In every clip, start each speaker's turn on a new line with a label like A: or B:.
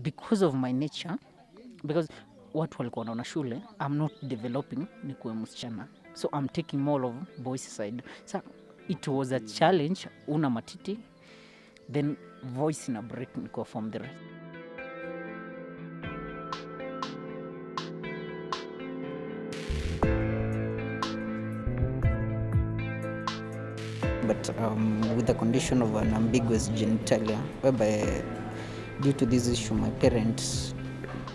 A: because of my nature, because watu walikuwa naona shule I'm not developing ni kuwe msichana, so I'm taking more of boys side. So it was a challenge, una matiti then voice ina break niko from the rest.
B: But um, with the condition of an ambiguous genitalia whereby Due to this issue, my parents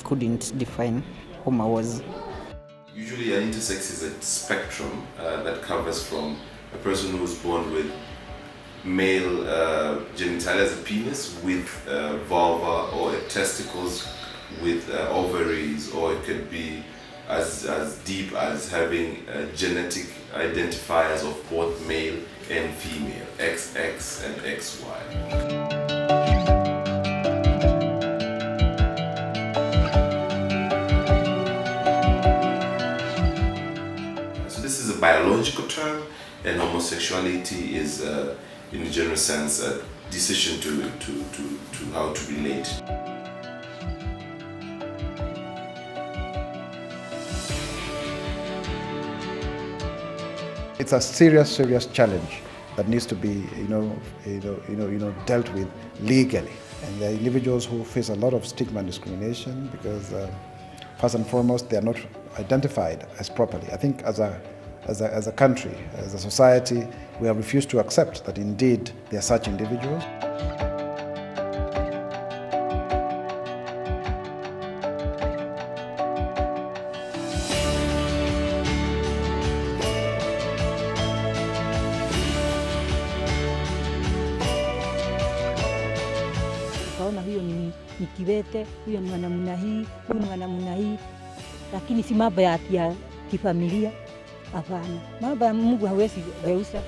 B: couldn't define whom I was.
C: Usually, an intersex is a spectrum uh, that covers from a person who's born with male uh, genitalia as a penis, with uh, vulva or testicles, with uh, ovaries, or it could be as, as deep as having uh, genetic identifiers of both male and female, XX and XY. is a biological term, and homosexuality is, uh, in a general sense, a decision to, to, to, to how to relate.
D: It's a serious, serious challenge that needs to be, you know, you know, you know, you know dealt with legally. And the individuals who face a lot of stigma and discrimination because, uh, first and foremost, they are not identified as properly. I think as a as a, as a country, as a society, we have refused to accept that indeed they are such individuals. Ukaona huyo ni, ni kiwete, huyo ni hii, huyo ni wanamuna hii, lakini si mambo ya kifamilia. Hapana, mambo ya Mungu hawezi geuza.